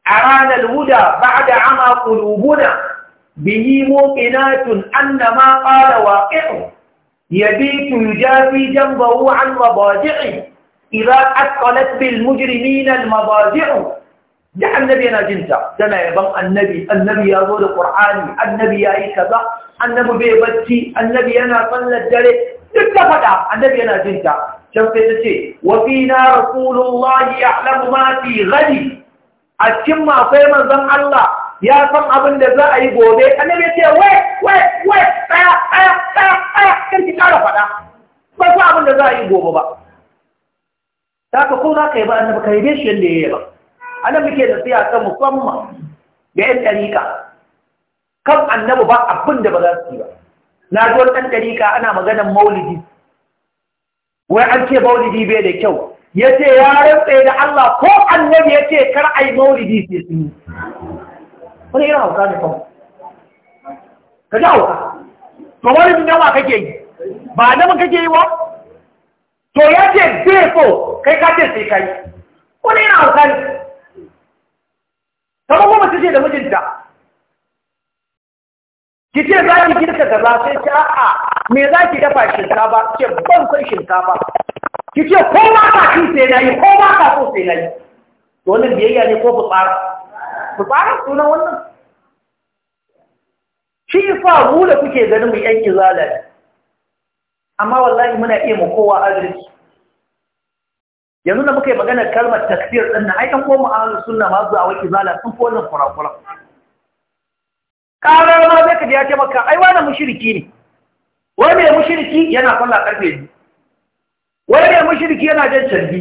arana al-huda ba'da ama qulubuna به موقنات أن ما قال واقعه يبيت يجافي جنبه عن مضاجعه إذا أثقلت بالمجرمين المضاجع دع النبي أنا جنتا دنا يبان النبي النبي يقول القرآن النبي يا كذا النبي بيبتي النبي أنا صلى الجري اتفق النبي أنا جنتا شوف تتشي وفينا رسول الله يعلم ما في غد أتم فيما زم الله ya san abin da za a yi gobe annabi ce wai wai wai tsaya tsaya tsaya tsaya kar ki kara faɗa ba san abin da za a yi gobe ba ta ka ko za ka yi ba annabi ka yi shi yadda ya yi ba annabi ke da tsaya ta musamman da yan ɗariƙa kan annabi ba abin da ba za su yi ba na ji wani ɗan ɗariƙa ana maganar maulidi wai an ce maulidi bai da kyau ya ce ya rantse da Allah ko annabi ya ce kar a yi maulidi sai sun yi wani irin hauka ne kawai ka ji hauka to wani nawa kake yi ba naman kake yi wa to ya ce zai so kai ka ce sai kai wani irin hauka ne kamar kuma su ce da mijinta ki ce za ki girka kaza sai ce a'a me za ki dafa shinkafa ce ban san shinkafa ki ce ko ma ka ci sai na yi ko ma ka so sai na yi to wannan biyayya ne ko fitsara fara sunan wannan shi fa mu da kuke ganin mu yan izala amma wallahi muna iya mu kowa adalci yanzu da muka yi maganar kalmar takfir din nan ai kan ko mu ahlus sunna ma zuwa wai izala sun ko wannan kurakura karar ma zai ka ji ya ce maka ai wani mushriki ne wai mai mushriki yana kallon karfe ne wai mai mushriki yana jan canbi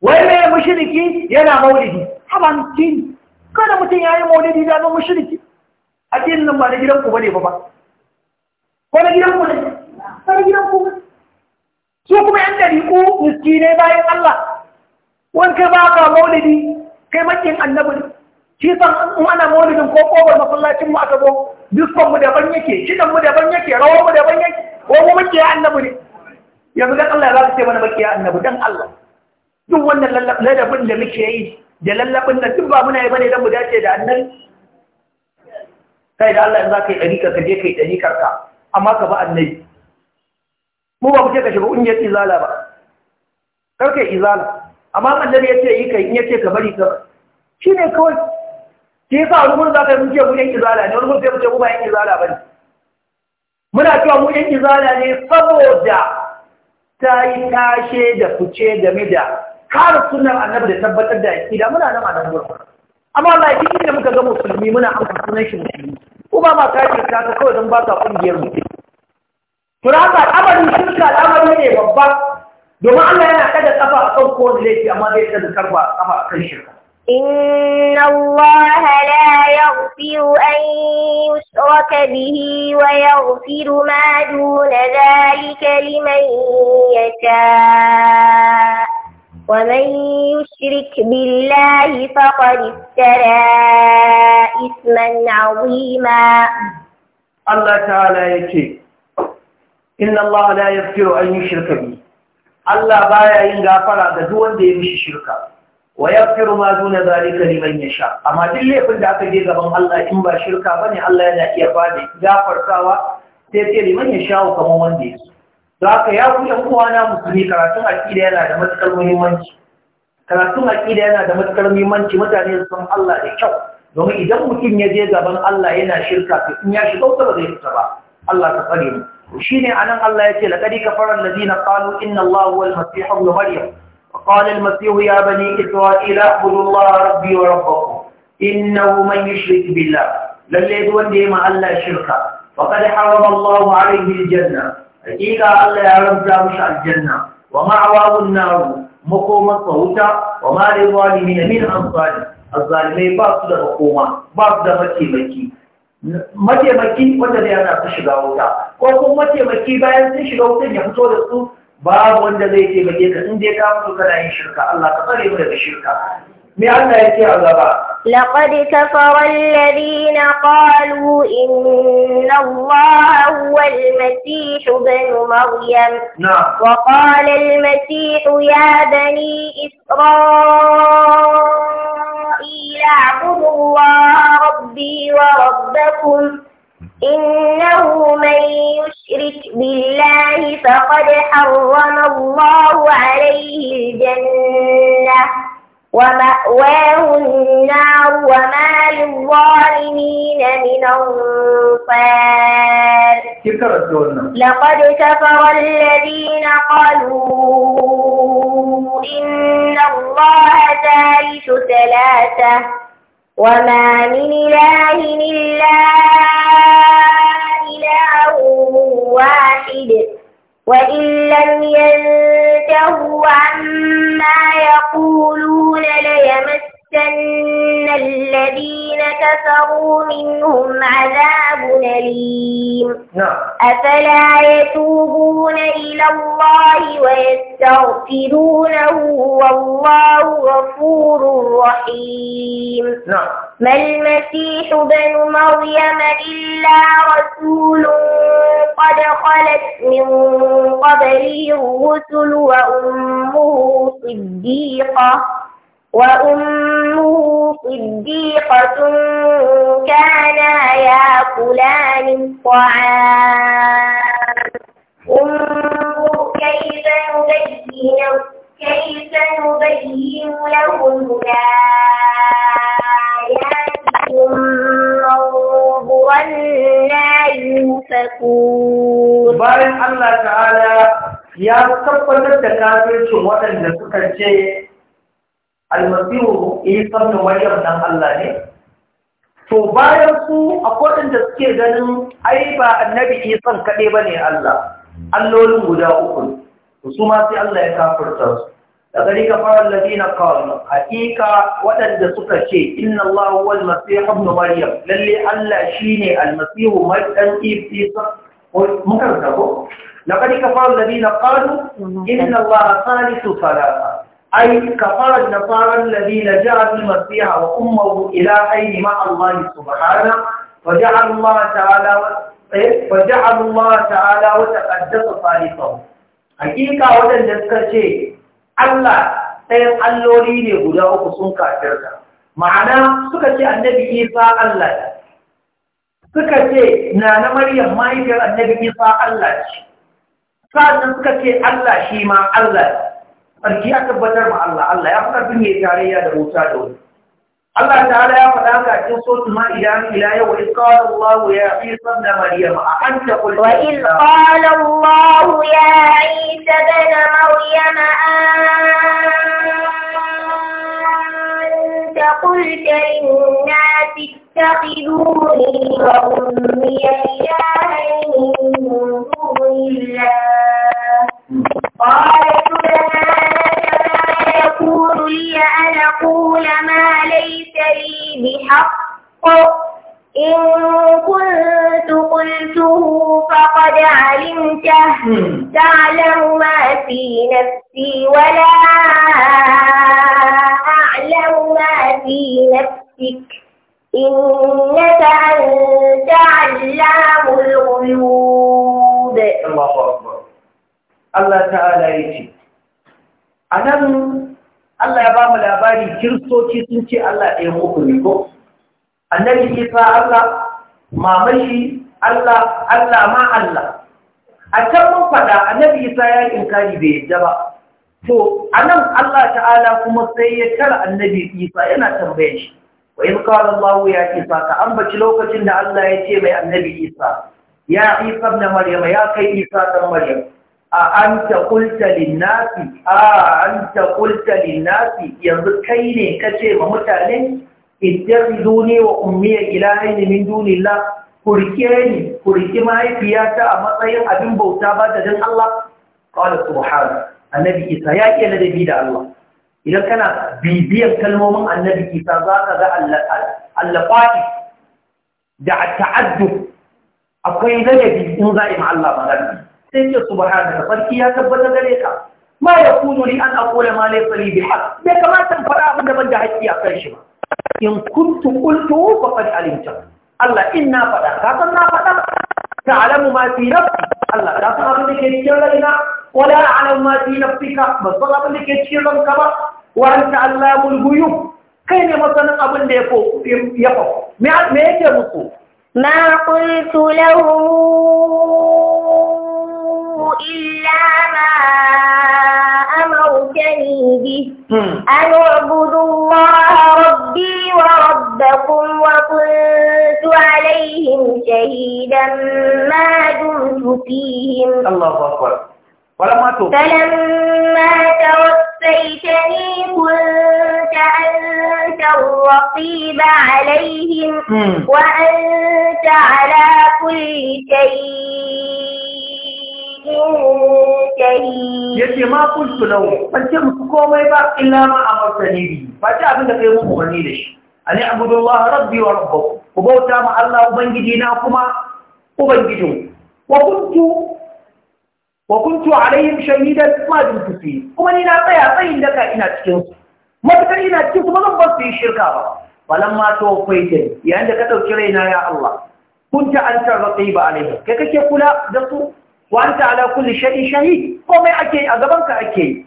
wai mai mushriki yana maulidi haban tin kada mutum ya yi maulidi ya zama A cikin nan ba na gidanku ba ne ba ba ko na gidanku ne ba na gidanku ba su kuma yan dari miski ne bayan Allah wani kai ba ka maulidi kai makin annabi ne shi san in ana maulidin ko kobar masallacin mu aka zo diskon mu daban yake shidan mu daban yake rawar mu daban yake ko mu makiya annabi ne yanzu dan Allah ya zaka ce mana makiya annabi dan Allah duk wannan ladabin da muke yi da lallafin da duk ba muna yi bane don mu dace da annabi kai da Allah za ka yi ɗarika ka je ka yi ɗarikar ka amma ka ba annabi mu ba mu ce ka shiga ƙungiyar izala ba kar ka izala amma annabi ya ce yi ka in ya ce ka bari ka shi ne kawai ke yasa wani gurin za ka yi mu ce mu yan izala ne wani gurin sai mu ce mu ba yan izala ba ne muna cewa mu yan izala ne saboda ta yi tashe da fice game da kare sunan annabi da tabbatar da da, muna nan a nan gurin amma wallahi duk inda muka ga musulmi muna amsa sunan shi musulmi ko ba ma kaji ta ka kawai don ba ka kungiyar mu turaka amarin shirka al'amari ne babba domin Allah yana kada kafa a kan kowane laifi amma zai kada karba kafa a kan shirka إن الله لا يغفر أن يشرك به ويغفر ما دون ذلك لمن يشاء ومن يشرك بالله فقد افترى إثما عظيما الله تعالى يكي إن الله لا يغفر أن يشرك به الله بايا إن غفر دون دي مش شركا ويغفر ما دون ذلك لمن يشاء أما دل يقول دعك دي غبان الله إن با شركا بني الله ينا إيقاني غفر سوا تيتي لمن يشاء كما من دي da haka ya ku yan uwana musulmi karatun aƙida yana da matukar muhimmanci karatun yana da matukar muhimmanci mutane su san Allah da kyau domin idan mutum ya je gaban Allah yana shirka to in ya shiga wuta ba zai fita ba Allah ka tsare mu shine anan Allah yace laqad kafara allazina qalu inna Allah huwal masih ibn maryam وقال المسيح يا بني إسرائيل اعبدوا الله ربي وربكم إنه من يشرك بالله لن يدون ديما ألا شركا فقد حرم الله عليه الجنة hakika Allah ya rabta musu aljanna wa ma'awahu an-nar makomar wuta wa ma lil ne min A azzalimai ba su da makoma ba su da mataimaki mataimaki wanda zai hana su shiga wuta ko kuma mataimaki bayan sun shiga wutan ya fito da su babu wanda zai taimake ka in dai ka fito kana yin shirka Allah ka tsare mu daga shirka لقد كفر الذين قالوا إن الله هو المسيح بن مريم نعم. وقال المسيح يا بني إسرائيل اعبدوا الله ربي وربكم إنه من يشرك بالله فقد حرم الله عليه الجنة ومأواه النار وما للظالمين من أنصار لقد كفر الذين قالوا إن الله ثالث ثلاثة وما من إله إلا إله واحد وإن لم ينتهوا عما يقولون ليمس يمسن الذين كفروا منهم عذاب أليم نعم أفلا يتوبون إلى الله ويستغفرونه والله غفور رحيم نعم ما المسيح بن مريم إلا رسول قد خلت من قبله الرسل وأمه صديقة وأمه صديقة كانا يأكلان الطعام انظر كيف نبين كيف نبين لهم الآيات ثم انظر أنا يؤفكون بارك الله تعالى ya tabbatar da kafircin waɗanda suka ce almasiru isa ibn maryam dan Allah ne to bayan su akwai da suke ganin ai ba annabi isa kadai ne Allah allolin guda uku su ma sai Allah ya kafirta su daga ni rika fara ladina qalu Hakika, waɗanda suka ce inna Allah wal masih ibn maryam lalle Allah shine al masih madan isa mun karanta ko لقد كفر الذين قالوا إن الله ثالث ثلاثة ai kafara da faran lalli na jihar masiya wa ummahu ila aini ma'allah subhana wa ja'ar ma'a ta'ala wata ƙaddasa falifan hakika wadanda suka ce allah ɗayan alloli ne guda uku sun kafirka ma'ana suka ce annabi isa allah ne suka ce na na maryan mahaifiyar annabi isa allah ce sa'annan suka ce allah shi allah sarki ya tabbatar ma Allah Allah ya faɗa bin yayi tarayya da wuta da wani Allah ta'ala ya faɗa ka cikin suratul ma'ida ila yau wa qala Allah ya Isa ibn Maryam a anta qul wa in qala Allah ya Isa ibn Maryam anta qult lin-nas ittakhiduni wa ummi ilahayn min dunillah قالت لنا فما يكون لي أن أقول ما ليس لي بحق إن كنت قلته فقد علمته تعلم ما في نفسي ولا أعلم ما في نفسك إنك أنت علام الغيوب الله أكبر Allah ta'ala ya ce a nan Allah ya ba mu labari kiristoci sun ce Allah ɗaya muku ne ko annabi Isa Allah mamashi Allah Allah ma Allah a can mun faɗa annabi Isa ya yi inkari bai yadda ba to a nan Allah ta'ala kuma sai ya tara annabi Isa yana tambayar shi wa in wani Allah ya Isa ka ambaci lokacin da Allah ya ce mai annabi Isa ya Isa na Maryam ya kai Isa dan Maryam A'anta an ta kulta linnasi a yanzu kai ne ka ce ma mutane ittakhidhu ni wa ummiya ne min dunillah kurke ni kurki mahaifiyata a matsayin abin bauta ba da don Allah qala subhana annabi isa ya ke ladabi da Allah idan kana bibiyan kalmomin annabi isa ka ga Allah da ta'addu akwai ladabi in za'i ma Allah magana sai ce da sarki ya tabbata gare ka ma yakunu li an aqula ma laysa li bihaq bai kamata in fara abin da ban da haƙƙi a kan shi ba in kuntu qultu faqad alimta Allah in na faɗa ka san na faɗa ta'lamu ma fi nafsi Allah da san abin da ke cikin raina wala a'lamu ma fi nafsika ba san abin da ke cikin ranka ba wa anta allamul ghuyub kai ne masanin abin da ya fo ya fo me yake muku ma qultu lahu إلا ما أمرتني به أن أعبد الله ربي وربكم وكنت عليهم شهيدا ما دمت فيهم الله أكبر فلما توفيتني كنت أنت الرقيب عليهم وأنت على كل شيء منتهي yace ma kuntu lahu ban ce muku komai ba illa ma amartani bi ba ce abin da kai mun umarni da shi ani abudullahi rabbi wa rabbukum ku bauta ma Allah ubangiji na kuma ubangijin wa kuntu wa kuntu alaihim shahidan ma dumtu fi kuma ni na tsaya tsayin daka ina cikin su matakar ina cikin su ba zan bar su yi shirka ba falan ma to faita yayin da ka dauki raina ya Allah kunta anta raqiba alaihim kai kake kula da su wa anta kulle kulli shay'in shahid komai ake a gaban ka ake yi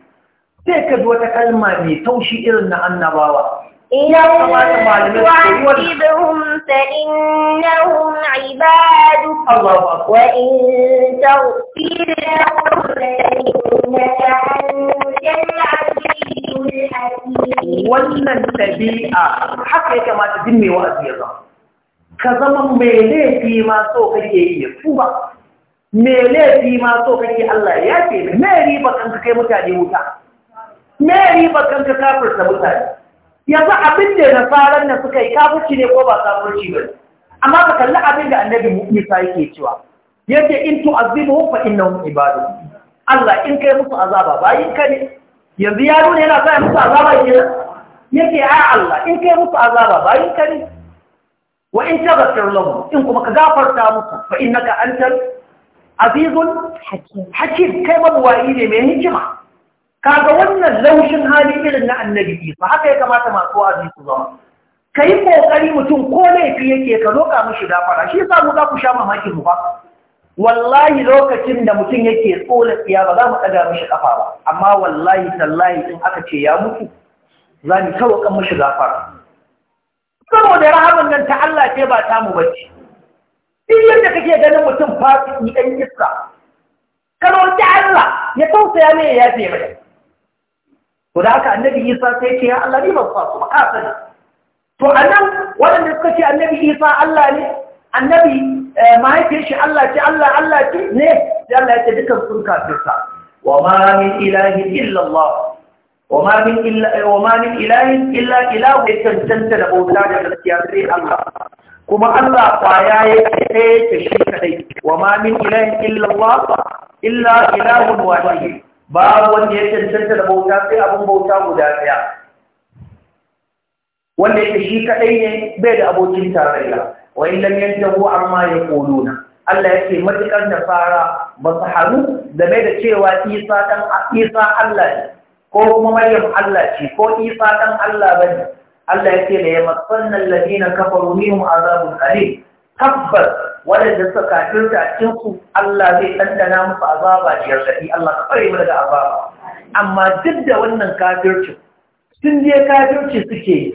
sai ka ji wata kalma mai taushi irin na annabawa ya kamata malamai su yi wannan wannan tabi'a haka ya kamata din mai ka zama mai laifi ma so kake yi ya tuba me laifi ma so kake Allah ya ce me riba kanka kai mutane wuta me riba kanka kafirta mutane yanzu abin da nasaran nan suka yi kafirci ne ko ba kafirci ba amma ka kalli abin da annabi Musa yake cewa yace in tu'azibuhum fa innahum ibadu Allah in kai musu azaba bayin ka ne yanzu ya nuna yana sa musu azaba kenan yace ai Allah in kai musu azaba bayin ka ne wa in taghfir lahum in kuma ka gafarta musu fa innaka antal azizun hakim kai mabuwayi ne mai hikima kaga wannan laushin hali irin na annabi isa haka ya kamata masu wa'azi su zama kai kokari mutum ko laifi yake ka roka mishi gafara shi yasa mu za ku sha mamakin mu ba wallahi lokacin da mutum yake tsola tsiya ba za mu ɗaga mishi ƙafa ba amma wallahi tallahi in aka ce ya mutu za mu tawakan mishi gafara saboda rahaman nan ta Allah ce ba ta mu bace duk yadda kake ganin mutum fasiki ɗan iska kalmar ta Allah ya tausaya ne ya yafe mai to da haka annabi Isa sai ce ya Allah ni ban fasu ba ka sani to anan waɗanda suka ce annabi Isa Allah ne annabi eh, mahaifiyar shi Allah ce Allah Allah ce ne sai Allah ya ce dukkan sun kafirta wa ma min ilahin illa Allah وما من إلا وما من إله إلا إله يتجسد له تعالى في Allah. kuma Allah kwaya ya kaɗe yake shi kaɗai wa ma min ilahin illallah illa ilahun wahid babu wanda ya cancanta da bauta sai abin bauta guda ɗaya wanda yake shi kaɗai ne bai da abokin tarayya wa in lam yantahu amma yaquluna Allah yake matukar da fara ba su haru da bai da cewa Isa dan Isa Allah ne ko kuma Maryam Allah ce ko Isa dan Allah bane Allah ya ce da ya matsannan ladina kafaru minhum azabun alim tabbas waɗanda suka kafirta a cikin su Allah zai ɗanɗana musu azaba da yardaɗi Allah ka fare mu daga azaba amma duk da wannan kafirci sun je kafirci suke yi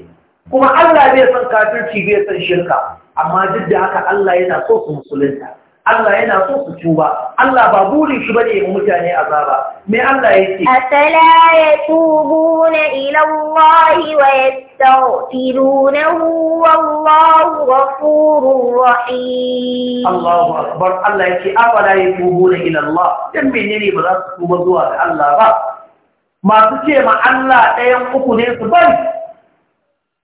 kuma Allah bai san kafirci bai san shirka amma duk da haka Allah yana so su musulunta Allah yana so su tuba Allah ba burin shi bane mu mutane a zaba, me Allah ya ce. Asala ya tubu na ilallahi wa yastaghfirunahu wallahu ghafurur rahim Allahu akbar Allah ya ce, afala na ilallah, ɗan dan ne ba za su tuba zuwa ga Allah ba masu ce ma Allah ɗayan uku ne su bari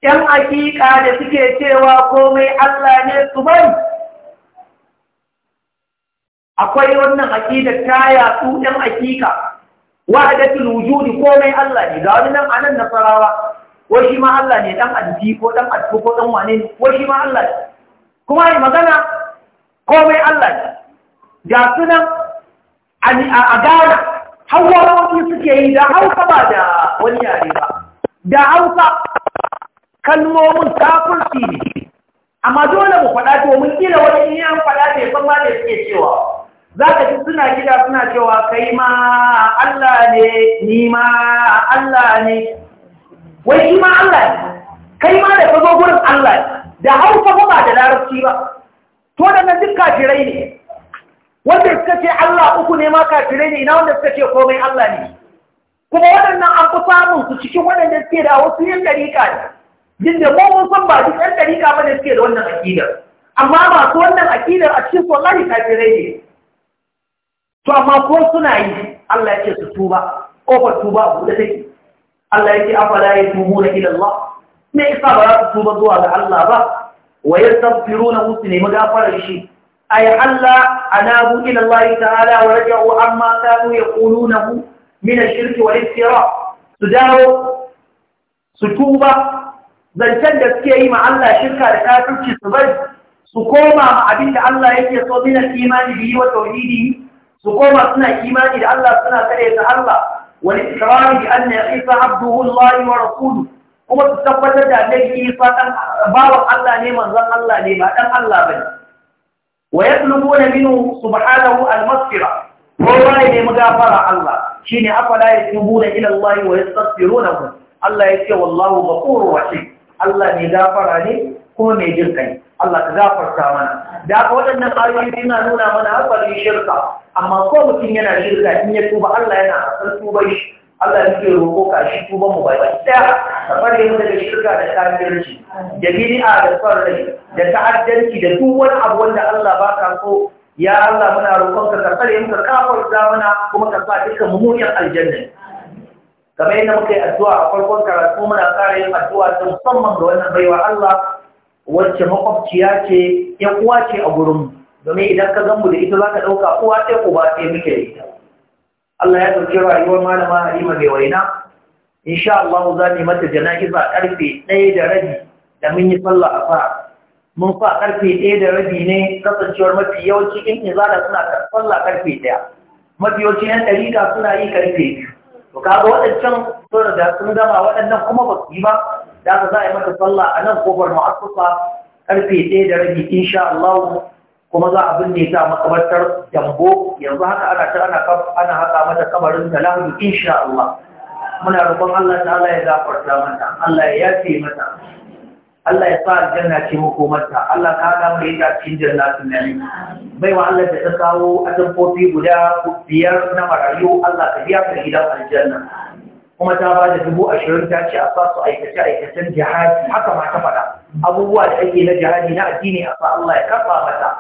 ‘yan hakika da suke cewa komai Allah ne su bari akwai wannan aƙida ta yatsu ɗan aƙiƙa ne wujudi komai Allah ne ga wani nan a nan nasarawa ko shi ma Allah ne ɗan addi ko ɗan addu ko ɗan wane ne ko shi ma Allah ne kuma yi magana komai Allah ne ga nan a gana hawa wani suke yi da hausa ba da wani yare ba da hausa kalmomin kafirci ne amma dole mu faɗa mun kila wani in an faɗa bai san ma da suke cewa za ka ji suna gida suna cewa kai ma Allah ne ni ma Allah ne wai shi ma Allah ne kai ma da ka zo gurin Allah ne da hausa ba ba da larabci ba to da nan duk kafirai ne wanda suka ce Allah uku ne ma kafirai ne ina wanda suka ce komai Allah ne kuma waɗannan an fi samun su cikin waɗanda suke da wasu yan dariƙa ne jin da mun san ba duk yan dariƙa ba ne suke da wannan aƙidar amma masu wannan aƙidar a cikin wallahi kafirai ne to amma ko suna yi Allah ya ce su tuba kofar tuba a buɗe take Allah ya ce afala ya tubu na ila Allah me yasa ba za su tuba zuwa ga Allah ba wa na musu ne magafarar shi ay halla anabu ila Allah ta'ala wa raja'u amma kanu yaqulunahu min ash shirki wal iftira su dawo su tuba zancen da suke yi ma Allah shirka da kafirci su bari su koma ma abin da Allah yake so min al-imani bihi wa tauhidihi su koma suna imani da Allah suna kare ta Allah wani ikrari bi anna isa abduhu Allah wa rasuluhu kuma su tabbatar da annabi isa dan bawan Allah ne manzon Allah ne ba dan Allah bane wa yatlubuna minhu subhanahu al-maghfira ko bai ne magafara Allah shine afala yatubuna ila Allah wa yastaghfiruna Allah yake wallahu ghafurur rahim Allah ne gafara ne kuma mai jinkai. Allah ka gafarta mana da aka waɗannan ayoyi suna nuna mana haƙarin shirka amma ko mutum yana shirka in ya tuba Allah yana hasan tuba shi Allah ya ke roƙo ka shi tuba mu bai ɗaya ka fara yin daga shirka da kafirci da bid'a da son rai da ta'addanci da duk wani abu wanda Allah baka ko. ya Allah muna roƙon ka ka mu ka kafarta mana kuma ka sa dukkan mummunan aljanna kamar yadda muka yi addu'a a farkon karatu muna ƙara yin addu'a ta musamman ga wannan baiwa Allah wacce makwabciya ce ya uwa ce a gurin domin idan ka zan da ita za ka ɗauka uwa ce uba ce muke da ita Allah ya ɗauki rayuwar malama Halima mai waina insha Allah za mu mata jana'iza karfe ɗaya da rabi da mun yi sallah a fara mun fa karfe ɗaya da rabi ne kasancewar mafi yawanci in izala suna sallah karfe ɗaya mafi yawanci yan ɗariƙa suna yi karfe biyu to kaga waɗancan sun da sun gama waɗannan kuma ba su yi ba da aka za a yi mata sallah a nan kofar mu'assasa karfe ɗaya da rabi insha Allah kuma za a binne ta makabartar jambo yanzu haka ana ta ana ana haka mata kabarin da lahadi insha Allah muna roƙon Allah ta'ala ya gafarta mata Allah ya yafe mata Allah ya sa aljanna ce hukumarta Allah ka ga mu ita cikin jannatin nan bai wa Allah da ta kawo azabbobi guda biyar na marayu Allah ka biya ka gidan aljanna kuma ta ba da dubu ashirin ta ce a sa aikace aikacen jihadi haka ma ta faɗa abubuwa da ake na jihadi na addini a fa Allah ya kafa mata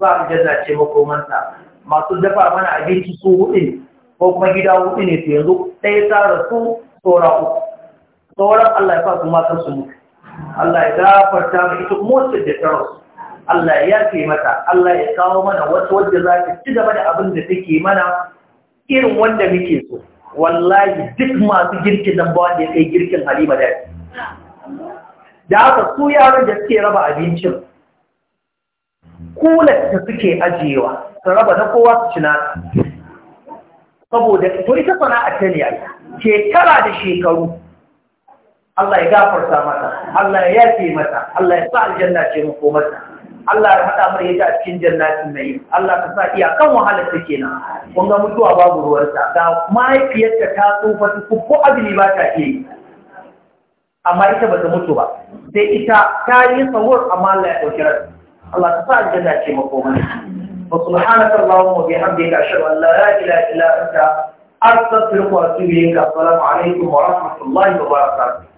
ba aljanna ce makomarta masu dafa mana abinci su hudu ko kuma gida hudu ne to yanzu ɗaya ta rasu saura uku sauran Allah ya sa su ma su mutu Allah ya gafarta mu ita motsa da ta rasu Allah ya yafe mata Allah ya kawo mana wata wanda za ta ci gaba da abin da take mana irin wanda muke so wallahi duk masu girkin nan ba wanda ya kai girkin Halima da da haka su yaran da suke raba abincin kulat da suke ajiyewa su raba na kowa su ci nata saboda to ita sana'a ta ne shekara da shekaru Allah ya gafarta mata Allah ya yafe mata Allah ya sa aljanna ce mu mata Allah ya haɗa mana yadda a cikin jannatin yi, Allah ka sa iya kan wahalar ta kenan kun ga mutuwa babu ruwarta ga mahaifiyarta ta tsufa ta ko azumi ba ta iya amma ita ba ta mutu ba sai ita ta yi sahur amma Allah ya ɗauki rai, Allah ka sa aljanna ce mu mana wa subhanaka allahumma wa bihamdika ashhadu an la ilaha illa anta astaghfiruka wa atubu ilayk assalamu alaikum wa rahmatullahi wa barakatuh